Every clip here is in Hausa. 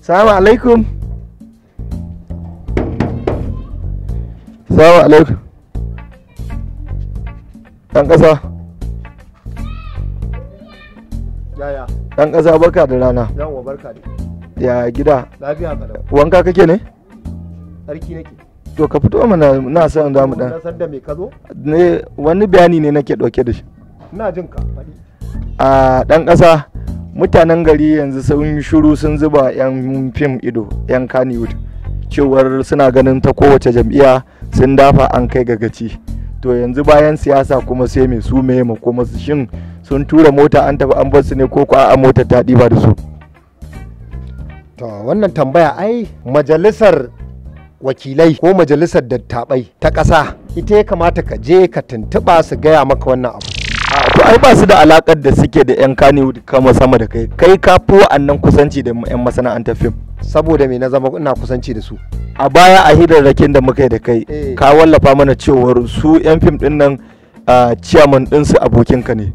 Assalamualaikum. Assalamualaikum. salamu alaikum Ya ya. yaya ɗan ƙasa barka da rana yawwa barka da ya gida lafiya kalau wanka kake ne sarki nake to ka fito mana na san da mu dan san da me ka zo ne wani bayani ne nake dauke da shi ina jin ka a ɗan ƙasa mutanen gari yanzu sun shuru sun zuba 'yan fim ido 'yan kaniwood cewar suna ganin ta kowace jam'iyya sun dafa an kai ga gaci to yanzu bayan siyasa kuma sai mai su mai kuma shin sun tura mota an tafi an bar su ne ko a mota ta ɗiba da su to wannan tambaya ai majalisar wakilai ko majalisar dattabai ta ƙasa ita ya kamata ka je ka tuntuɓa su gaya maka wannan abu ai ba su da alakar da suke da yan kaniwood kama sama da kai kai ka fi wa'annan kusanci da yan masana'antar fim saboda me na zama ina kusanci da su a baya a hidda-rakin da muka yi da kai eh. ka wallafa mana cewar su yan fim din nan ciyaman ɗinsu abokinka ne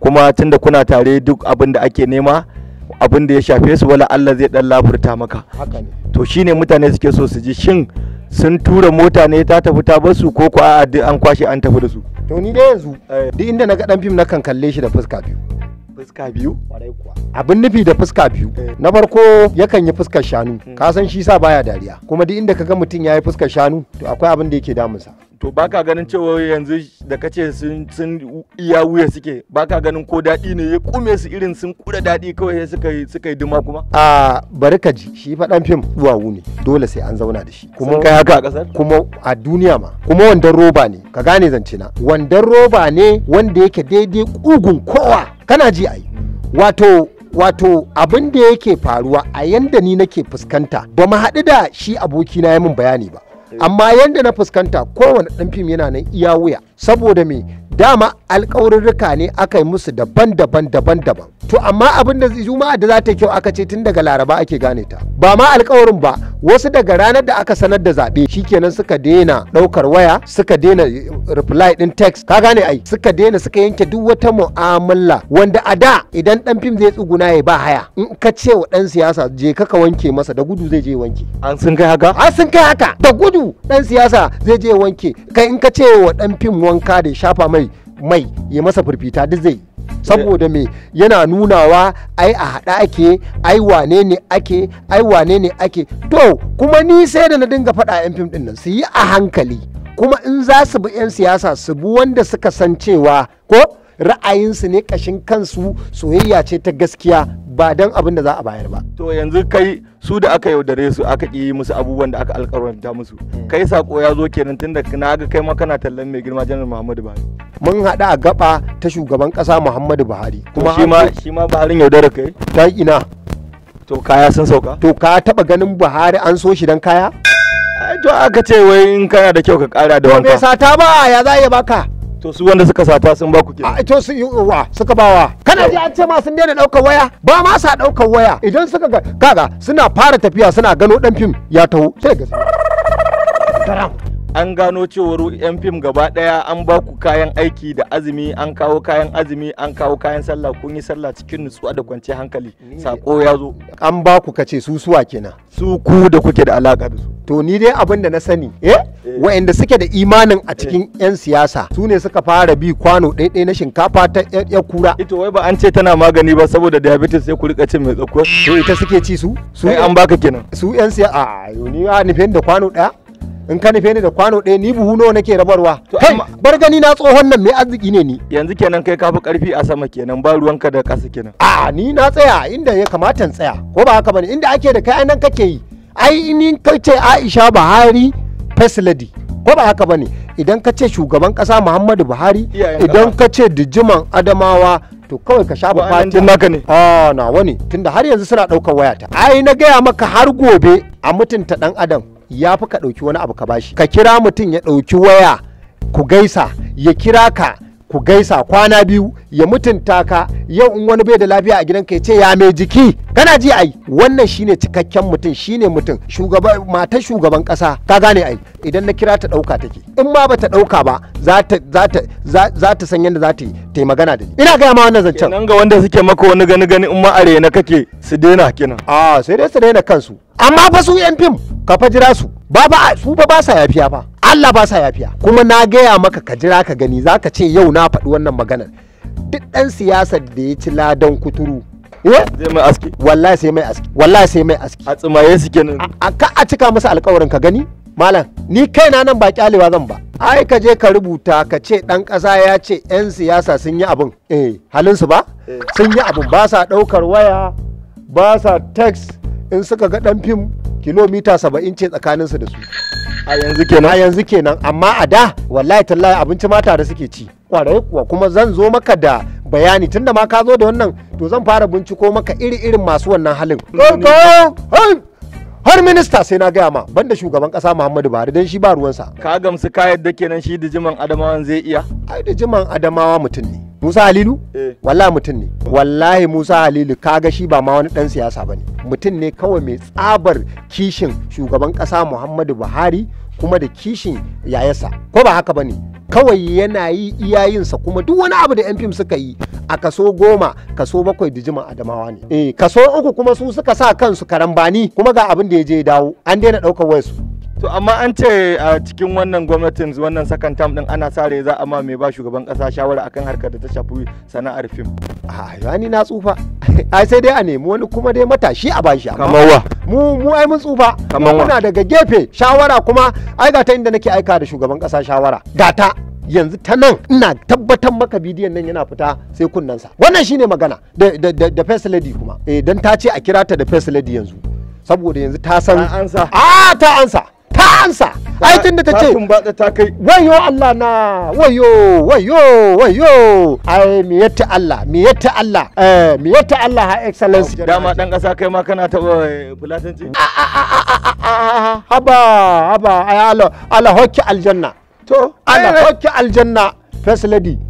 kuma tun da kuna tare duk abin da ake nema abin da ya shafe su wala Allah zai dan lafurta maka to shine mutane suke so su ji shin sun tura mota ne ta tafi ta basu ko ko a an kwashe an tafi da su to ni dai yanzu duk inda na ga dan fim na kan kalle shi da fuska biyu fuska biyu abin nufi da fuska biyu eh. na farko yakan yi fuskar shanu hmm. ka san shi sa baya dariya kuma duk inda kaga ga mutum ya yi fuskar shanu to akwai abin da yake damunsa to baka ganin cewa yanzu da kace sun iya wuya suke baka ganin ko daɗi ne ya kume su irin sun kuda daɗi kawai suka yi suka yi duma kuma a bari ka ji shi faɗan fim duwawu ne dole sai an zauna da shi kuma kai haka a ƙasar kuma a duniya ma kuma wandan roba ne ka gane zance na wandan roba ne wanda yake daidai kugun kowa kana ji ai wato wato abin da yake faruwa a yanda ni nake fuskanta ba mu haɗu da shi abokina ya min bayani ba amma yadda na fuskanta kowane ɗan fim yana nan iya wuya saboda me dama alkawarurruka ne aka yi musu daban-daban daban-daban to amma abin da juma'a da za ta kyau aka ce tun daga laraba ake gane ta ba ma alƙawarin ba wasu daga ranar da aka sanar da zaɓe shikenan suka daina ɗaukar waya suka daina reply ɗin text ka gane ai suka daina suka yanke duk wata mu'amala wanda a da idan ɗan fim zai tsuguna ya ba haya in ka ce wa ɗan siyasa je ka ka wanke masa da gudu zai je wanke an sun kai haka an sun kai haka da gudu ɗan siyasa zai je wanke kai in ka ce wa ɗan fim wanka da shafa mai mai ya masa firfita duk zai saboda me yana nunawa ai a haɗa ake ai wane ne ake ai wane ne ake to kuma ni sai da na dinga faɗa yan fim ɗin nan su yi a hankali kuma in za su bi yan siyasa su bi wanda suka san cewa ko ra'ayinsu ne ƙashin kansu soyayya ce ta gaskiya ba don abin da za a bayar ba. To yanzu kai su da aka yaudare su aka yi musu abubuwan da aka alƙawarta musu. Mm. Kai sako ya zo kenan tunda na ga kai ma kana tallan mai girma janar Muhammadu Bani. mun haɗu a gaba ta shugaban ƙasa Muhammadu Buhari kuma shi ma shi ma Buhari yaudara kai ta ina to kaya sun sauka to ka taba ganin Buhari an so shi dan kaya to aka ce wai in kana da kyau ka ƙara da wanka me sata ba ya za ya baka to su wanda suka sata sun ba ku ke to su wa suka bawa kana ji an ce ma sun daina daukar waya ba ma sa daukar waya idan suka ga kaga suna fara tafiya suna gano dan fim ya taho sai ga an gano cewar 'yan fim gaba daya an ba ku kayan aiki da azumi an kawo kayan azumi an kawo kayan sallah kun yi sallah cikin nutsuwa da kwanciyar hankali sako ya zo an ba ku kace su suwa kenan su ku da kuke da alaka da su to ni dai abin da na sani eh, eh. wa'anda suke da imanin a eh. cikin 'yan siyasa su ne suka fara bi kwano ɗaiɗai na shinkafa ta ya kura ita wai ba an ce tana magani ba saboda diabetes sai ku rika cin mai tsakuwa to ita suke ci su su an baka kenan su 'yan siyasa a ni a nufin da kwano ɗaya in ka nufe ni da kwano ɗaya ni buhu nawa nake rabarwa kai bar gani na tsohon nan mai arziki ne ni yanzu kenan kai kafi karfi a sama kenan ba ruwanka da ƙasa kenan a ni na tsaya inda ya kamata in tsaya ko ba haka bane inda ake da kai nan kake yi ai ni kai ce Aisha Buhari first lady ko ba haka bane idan ka ce shugaban ƙasa Muhammadu Buhari idan ka ce dijiman Adamawa to kawai ka shafa fatin naka ne a nawa ne tunda har yanzu suna ɗaukar wayata ai na gaya maka har gobe a mutunta ɗan adam ya fi ka ɗauki wani abu ka bashi ka kira mutum ya ɗauki waya ku gaisa ya kira ka ku gaisa kwana biyu ya mutunta ka yau in wani bai da lafiya a gidanka ya ce ya mai jiki kana ji ai wannan shine cikakken mutum shine mutum shugaban matar shugaban kasa ka gane ai idan na kira ta dauka take in ma bata dauka ba za ta za ta za ta san yadda za ta yi ta magana da ni ina gaya ma wannan zancen nan ga wanda suke maka wani gani gani in ma are na kake su daina kenan a sai dai su daina kansu amma fa su yan fim ka fa jira su ba ba su ba ba sa yafiya fa Allah ba sa yafiya kuma na gaya maka ka jira ka gani za ka ce yau na faɗi wannan maganar duk ɗan siyasar da ya ci ladan kuturu eh? mai aski wallahi sai mai aski wallahi sai mai aski a tsumaye su kenan ka a cika masa alƙawarin ka gani malam ni kai na nan ba kyalewa zan ba ai ka je ka rubuta ka ce dan ƙasa ya ce yan siyasa sun yi abin eh halin su ba eh. sun yi abin ba sa ɗaukar waya ba sa text in suka ga ɗan fim kilomita 70 ce tsakaninsu da su a yanzu kenan a yanzu kenan amma a da wallahi tallahi abinci ma tare suke ci kwarai kuwa kuma zan zo maka da bayani tunda ma ka zo da wannan to zan fara binciko maka iri-irin masu wannan halin har minista sai na gaya ma banda shugaban kasa muhammadu buhari don shi ba ruwansa ka gamsu ka yadda kenan shi dijiman adamawan zai iya ai dijiman adamawa mutum ne Musa Halilu? Eh. Wallahi mutum ne. Wallahi Musa Halilu kaga shi ba ma wani dan siyasa bane. Mutum ne kawai mai tsabar kishin shugaban kasa Muhammadu Buhari kuma da kishin yayasa Ko ba haka bane? Kawai yana yi iyayinsa kuma duk wani abu da yan fim suka yi a kaso goma kaso bakwai da dijiman adamawa ne. Eh kaso uku kuma su suka sa kansu karambani kuma ga abin da ya je ya dawo an daina ɗaukar wayarsu. to amma an ce a cikin wannan gwamnatin wannan second term din ana sa rai za a ma mai ba shugaban kasa shawara akan harkar da ta shafi sana'ar fim a yani na tsufa ai sai dai a nemi wani kuma dai matashi a bashi amma wa mu mu ai mun tsufa wa muna daga gefe shawara kuma ai ga ta inda nake aika da shugaban kasa shawara ga ta yanzu ta nan ina tabbatar maka bidiyon nan yana fita sai kunnensa wannan shine magana da first lady kuma eh dan ta ce a kira ta da first lady yanzu saboda yanzu ta san ta ansa. a ah, ta ansa ta ansa ai tunda ta ce wayo Allah na wayo wayo wayo ai yatta Allah yatta Allah eh yatta Allah ha excellency dama dan kasa kai ma kana ta eh, fulatanci haba haba ai Allah Allah hokki aljanna to Allah hokki aljanna first lady